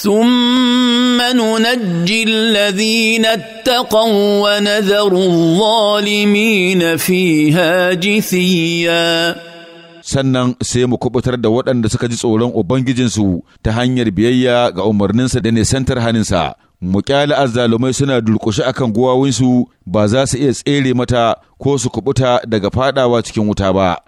ثم ننجي الذين اتقوا ونذر الظالمين فيها جثيا sannan sai mu kubutar da waɗanda suka ji tsoron Ubangijinsu ta hanyar biyayya ga umarninsa da nisantar haninsa, mu kyala azzalumai suna durƙushe akan guwawinsu ba za su iya tsere mata ko su kubuta daga fadawa cikin wuta ba.